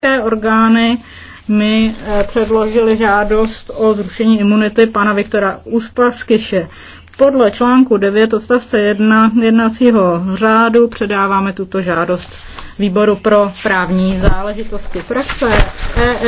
Té orgány mi eh, předložili žádost o zrušení imunity pana Viktora Uspaskyše. Podle článku 9 odstavce 1 jednacího řádu předáváme tuto žádost výboru pro právní záležitosti frakce. E